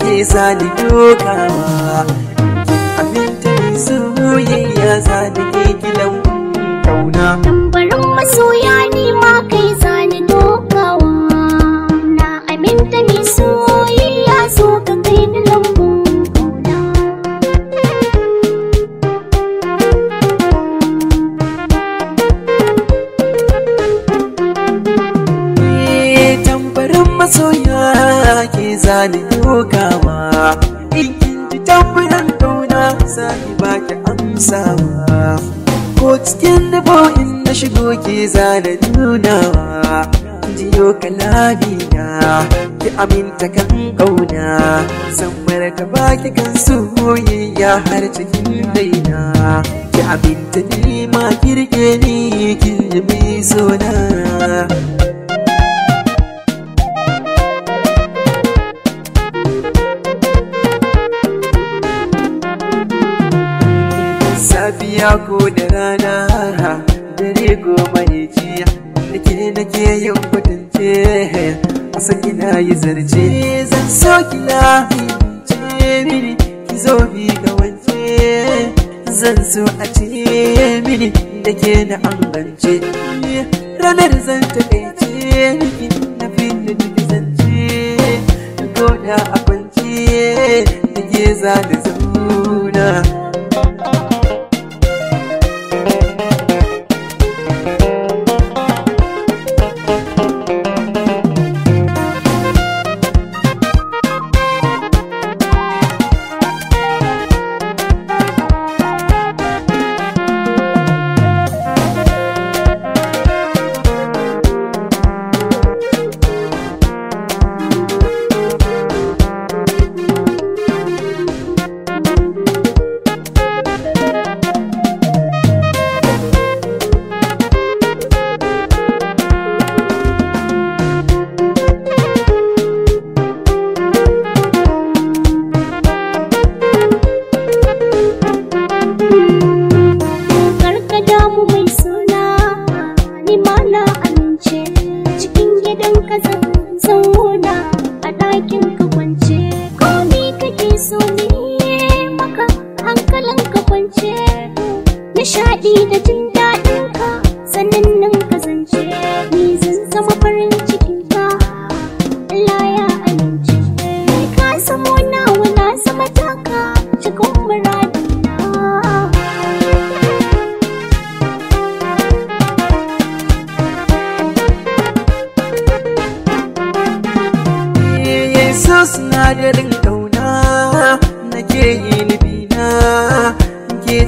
ke sani dokawa da su ya sani ke gidan kauna tambarin masoya ne ma kai sani dokawa na aminta su ya so ka kai ni lambu eh, Masoya ke zane kokawa in kin ji tambayan kauna sai ba ki amsawa ko cikin dabo in na shigo ke zana nunawa jiyo kalabi na ki aminta kan kauna san ka ba ki kan soyayya har cikin daina ki aminta ni ma kirge ni kin ji mai safiya ko da rana dare ko mahaici nake nake yin kwatance a san kina yi zarce zan so ki ce mini ki zo bi ga wance zan so a ce mini nake na ambance ranar zan taƙaice miki na fili zan zance ko da a kwance za da zauna nishaɗi da jin daɗin ka sannan kasance ni zan zama farin cikin ka Allah ya amince kai ka samu na wala sama taka cikin muradin na eh, Yesus na ka?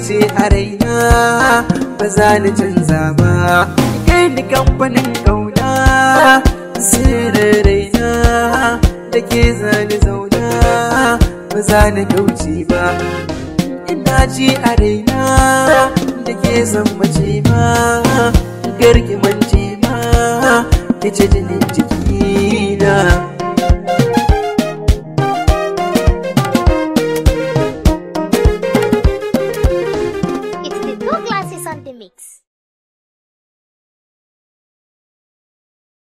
ce a raina ba za ni canza ba kai da kamfanin kauna sirrin raina da ke zani zauna ba za ni kauce ba ina ji a raina da ke zan mace ma garki mance ma da jinin jiki